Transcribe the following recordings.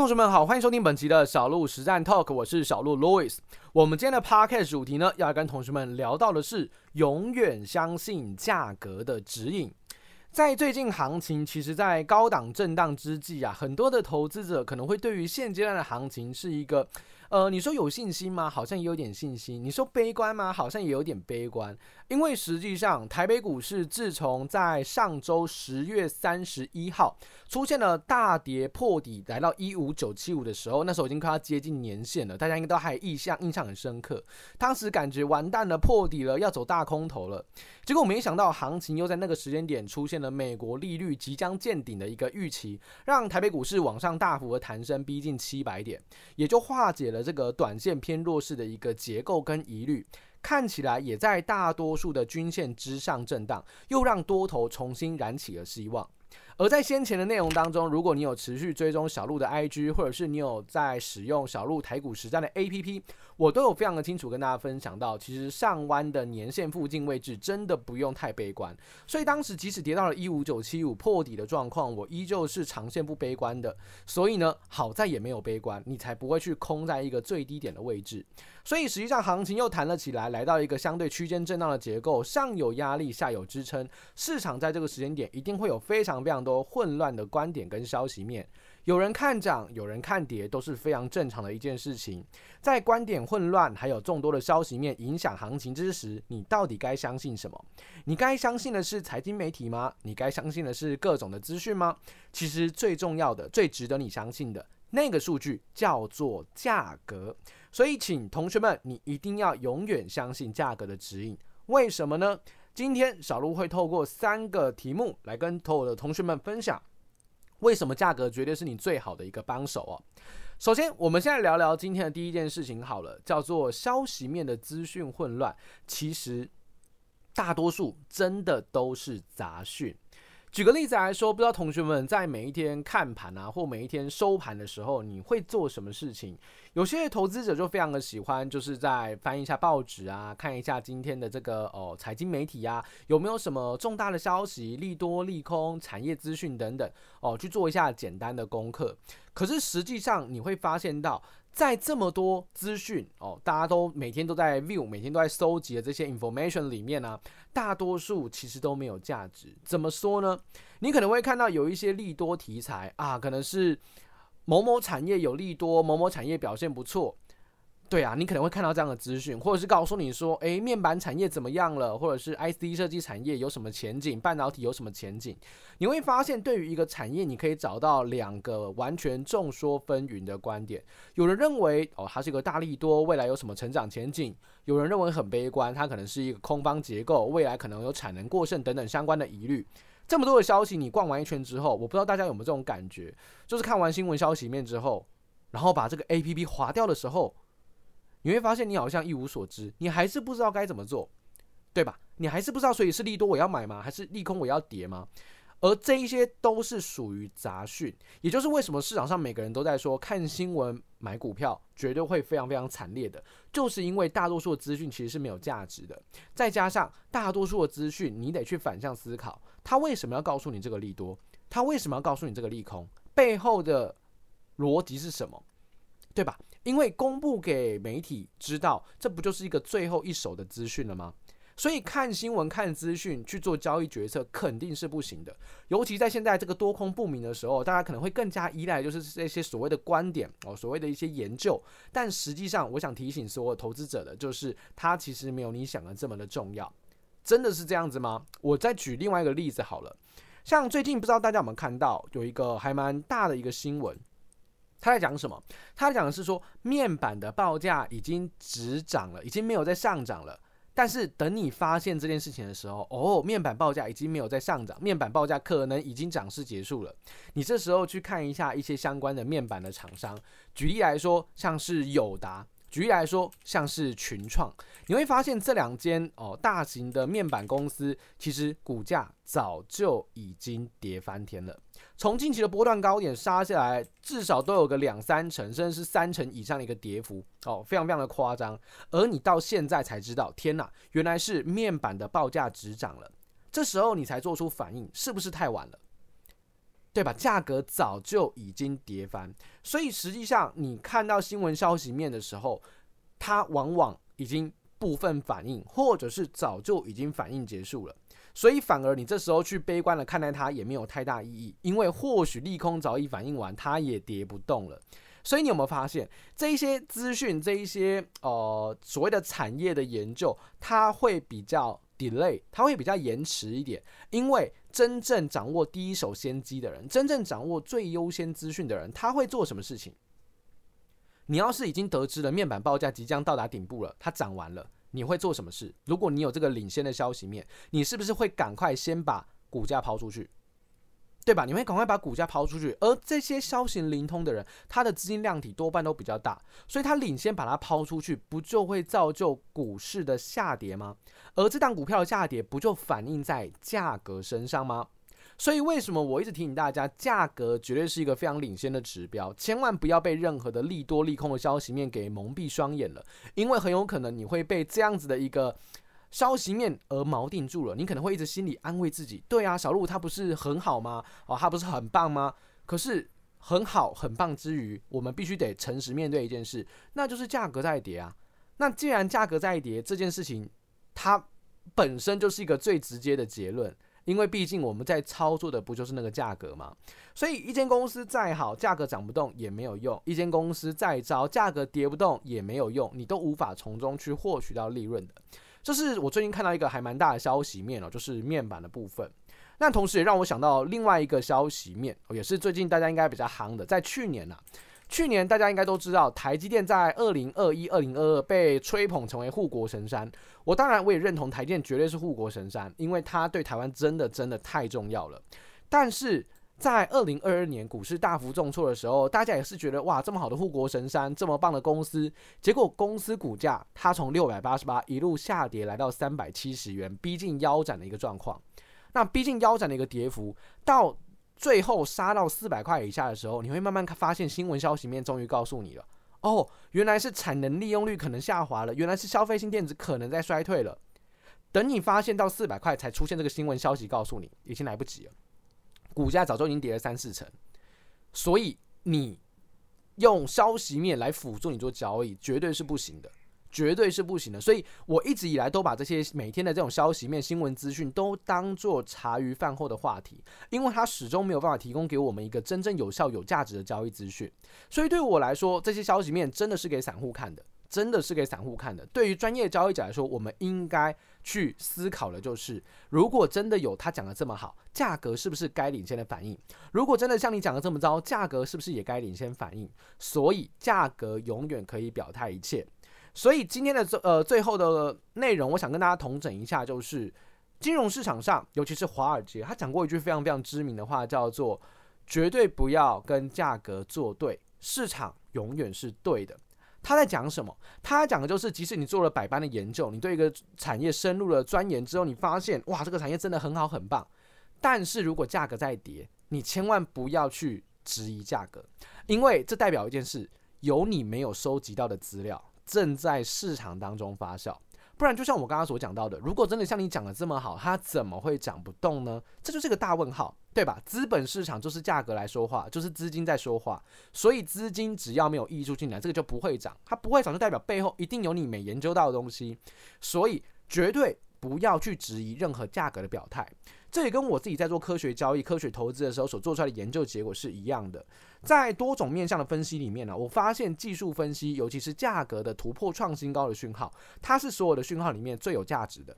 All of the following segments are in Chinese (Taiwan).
同學們好，歡迎收聽本期的小鹿實戰 Talk，我是小鹿 Louis。我們今天的 podcast 主題呢，要跟同學們聊到的是永遠相信價格的指引。在最近行情，其實，在高檔震盪之際啊，很多的投資者可能會對於現階段的行情是一個。呃，你說有信心嗎？好像也有點信心。你說悲觀嗎？好像也有點悲觀。因為實際上，台北股市自從在上周十月三十一號出現了大跌破底，來到一五九七五的時候，那時候已經快要接近年線了。大家應該都還有印象，印象很深刻。當時感覺完蛋了，破底了，要走大空頭了。結果沒想到，行情又在那個時間點出現了美國利率即將見頂的一個預期，讓台北股市往上大幅的彈升，逼近七百點，也就化解了。這個短線偏弱勢的一個結構跟疑慮，看起來也在大多數的均線之上震盪，又讓多頭重新燃起了希望。而在先前的內容當中，如果你有持續追蹤小鹿的 IG，或者是你有在使用小鹿台股實戰的 APP，我都有非常的清楚跟大家分享到，其實上彎的年線附近位置真的不用太悲觀。所以當時即使跌到了一五九七五破底的狀況，我依舊是長線不悲觀的。所以呢，好在也沒有悲觀，你才不會去空在一個最低點的位置。所以實際上，行情又彈了起來，來到一個相對區間震盪的結構，上有壓力，下有支撐。市場在這個時間點一定會有非常非常多混亂的觀點跟消息面，有人看漲，有人看跌，都是非常正常的一件事情。在觀點混亂，還有眾多的消息面影響行情之時，你到底該相信什麼？你該相信的是財經媒體嗎？你該相信的是各種的資訊嗎？其實最重要的、最值得你相信的。那個數據叫做價格，所以請同學們，你一定要永遠相信價格的指引。為什麼呢？今天小鹿會透過三個題目來跟所有的同學們分享，為什麼價格絕對是你最好的一個幫手哦。首先，我們現在聊聊今天的第一件事情好了，叫做消息面的資訊混亂，其實大多數真的都是雜訊。舉個例子來說，不知道同學們在每一天看盤啊，或每一天收盤的時候，你會做什麼事情？有些投資者就非常的喜歡，就是在翻一下報紙啊，看一下今天的這個哦，財經媒體啊，有沒有什麼重大的消息、利多、利空、產業資訊等等哦，去做一下簡單的功課。可是實際上你會發現到。在這麼多資訊哦，大家都每天都在 view，每天都在收集的這些 information 裡面呢啊，大多數其實都沒有價值。怎麼說呢？你可能會看到有一些利多題材啊，可能是某某產業有利多，某某產業表現不錯。對啊，你可能會看到這樣的資訊，或者是告訴你說，誒，面板產業怎麼樣了？或者是 IC 設計產業有什麼前景？半導體有什麼前景？你會發現，對於一個產業，你可以找到兩個完全眾說紛紜的觀點。有人認為，哦，它是一個大利多，未來有什麼成長前景？有人認為很悲觀，它可能是一個空方結構，未來可能有產能過剩等等相關的疑慮。這麼多的消息，你逛完一圈之後，我不知道大家有沒有這種感覺，就是看完新聞消息面之後，然後把這個 APP 劃掉的時候，你會發現你好像一無所知，你還是不知道該怎麼做，對吧？你還是不知道，所以是利多我要買嗎？還是利空我要跌嗎？而這一些都是屬於雜訊，也就是為什麼市場上每個人都在說看新聞買股票絕對會非常非常慘烈的，就是因為大多數的資訊其實是沒有價值的，再加上大多數的資訊你得去反向思考，他為什麼要告訴你這個利多？他為什麼要告訴你這個利空？背後的邏輯是什麼？對吧？因為公布給媒體知道，這不就是一個最後一手的資訊了嗎？所以看新聞、看資訊去做交易決策肯定是不行的。尤其在現在這個多空不明的時候，大家可能會更加依賴就是這些所謂的觀點哦，所謂的一些研究。但實際上，我想提醒所有投資者的就是，它其實沒有你想的這麼的重要。真的是這樣子嗎？我再舉另外一個例子好了，像最近不知道大家有沒有看到，有一個還蠻大的一個新聞。他在講什麼？他在講的是說，面板的報價已經止漲了，已經沒有在上漲了。但是等你發現這件事情的時候，哦，面板報價已經沒有在上漲，面板報價可能已經漲勢結束了。你這時候去看一下一些相關的面板的廠商，舉例來說，像是友達。舉例來說，像是群創，你會發現這兩間哦大型的面板公司，其實股價早就已經跌翻天了。從近期的波段高點殺下來，至少都有個兩三成，甚至是三成以上的一個跌幅，哦，非常非常的誇張。而你到現在才知道，天哪，原來是面板的報價止漲了，這時候你才做出反應，是不是太晚了？對吧？價格早就已經跌翻，所以實際上你看到新聞消息面的時候，它往往已經部分反應，或者是早就已經反應結束了。所以反而你這時候去悲觀的看待它，也沒有太大意義，因為或許利空早已反應完，它也跌不動了。所以你有沒有發現，這一些資訊，這一些呃所謂的產業的研究，它會比較 delay，它會比較延遲一點，因為，真正掌握第一手先機的人，真正掌握最優先資訊的人，他會做什麼事情？你要是已經得知了面板報價即將到達頂部了，它漲完了，你會做什麼事？如果你有這個領先的消息面，你是不是會趕快先把股價拋出去？對吧？你會趕快把股價拋出去，而這些消息靈通的人，他的資金量體多半都比較大，所以他領先把它拋出去，不就會造就股市的下跌嗎？而這檔股票的下跌，不就反映在價格身上嗎？所以為什麼我一直提醒大家，價格絕對是一個非常領先的指標，千萬不要被任何的利多利空的消息面給蒙蔽雙眼了，因為很有可能你會被這樣子的一個。消息面而錨定住了，你可能會一直心裡安慰自己，對啊，小鹿他不是很好嗎？哦，他不是很棒嗎？可是很好很棒之餘，我們必須得誠實面對一件事，那就是價格在跌啊。那既然價格在跌，這件事情它本身就是一個最直接的結論，因為畢竟我們在操作的不就是那個價格嗎？所以，一間公司再好，價格漲不動也沒有用；一間公司再糟，價格跌不動也沒有用，你都無法從中去獲取到利潤的。這是我最近看到一個還蠻大的消息面哦，就是面板的部分。那同時也讓我想到另外一個消息面，也是最近大家應該比較夯的，在去年吶，啊，去年大家應該都知道，台積電在二零二一、二零二二被吹捧成為護國神山。我當然我也認同台積電絕對是護國神山，因為它對台灣真的真的太重要了。但是。在二零二二年股市大幅重挫的時候，大家也是覺得哇，這麼好的護國神山，這麼棒的公司，結果公司股價它從六百八十八一路下跌，來到三百七十元，逼近腰斬的一個狀況。那逼近腰斬的一個跌幅，到最後殺到四百塊以下的時候，你會慢慢發現新聞消息面終於告訴你了，哦，原來是產能利用率可能下滑了，原來是消費性電子可能在衰退了。等你發現到四百塊才出現這個新聞消息，告訴你已經來不及了。股價早就已經跌了三四成，所以你用消息面來輔助你做交易，絕對是不行的，絕對是不行的。所以我一直以來都把這些每天的這種消息面、新聞資訊都當做茶餘飯後的話題，因為它始終沒有辦法提供給我們一個真正有效、有價值的交易資訊。所以對我來說，這些消息面真的是給散戶看的。真的是給散戶看的。對於專業交易者來說，我們應該去思考的，就是如果真的有他講的這麼好，價格是不是該領先的反應？如果真的像你講的這麼糟，價格是不是也該領先反應？所以價格永遠可以表態一切。所以今天的呃最後的內容，我想跟大家統整一下，就是金融市場上，尤其是華爾街，他講過一句非常非常知名的話，叫做“絕對不要跟價格作對，市場永遠是對的。”他在講什麼？他講的就是，即使你做了百般的研究，你對一個產業深入了鑽研之後，你發現，哇，這個產業真的很好，很棒。但是，如果價格在跌，你千萬不要去質疑價格，因為這代表一件事，有你沒有收集到的資料正在市場當中發酵。不然，就像我剛剛所講到的，如果真的像你講的這麼好，他怎麼會漲不動呢？這就是一個大問號。對吧？資本市場就是價格來說話，就是資金在說話。所以資金只要沒有溢出進來，這個就不會漲。它不會漲，就代表背後一定有你沒研究到的東西。所以絕對不要去質疑任何價格的表態。這也跟我自己在做科學交易、科學投資的時候所做出來的研究結果是一樣的。在多種面向的分析裡面呢、啊，我發現技術分析，尤其是價格的突破創新高的訊號，它是所有的訊號裡面最有價值的。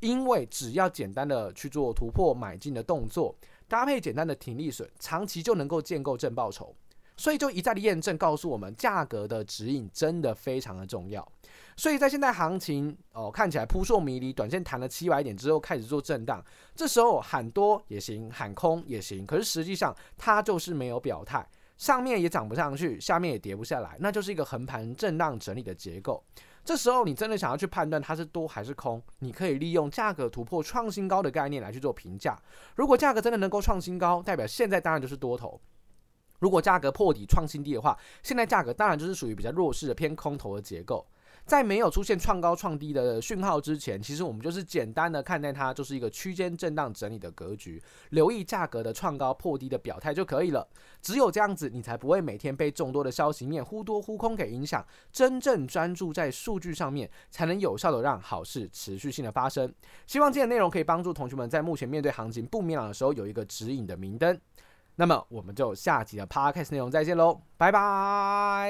因為只要簡單的去做突破買進的動作。搭配簡單的停利損，長期就能夠建構正報酬。所以就一再的驗證告訴我們，價格的指引真的非常的重要。所以在現在行情哦，看起來撲朔迷離，短線彈了七百點之後開始做震盪，這時候喊多也行，喊空也行，可是實際上它就是沒有表態，上面也漲不上去，下面也跌不下來，那就是一個橫盤震盪整理的結構。這時候你真的想要去判斷它是多還是空，你可以利用價格突破創新高的概念來去做評價。如果價格真的能夠創新高，代表現在當然就是多頭；如果價格破底創新低的話，現在價格當然就是屬於比較弱勢的偏空頭的結構。在沒有出現創高創低的訊號之前，其實我們就是簡單的看待它，就是一個區間震盪整理的格局，留意價格的創高破低的表態就可以了。只有這樣子，你才不會每天被眾多的消息面忽多忽空給影響，真正專注在數據上面，才能有效的讓好事持續性的發生。希望今天的內容可以幫助同學們在目前面對行情不明朗的時候有一個指引的明燈。那麼我們就下集的 Podcast 內容再見嘍，拜拜。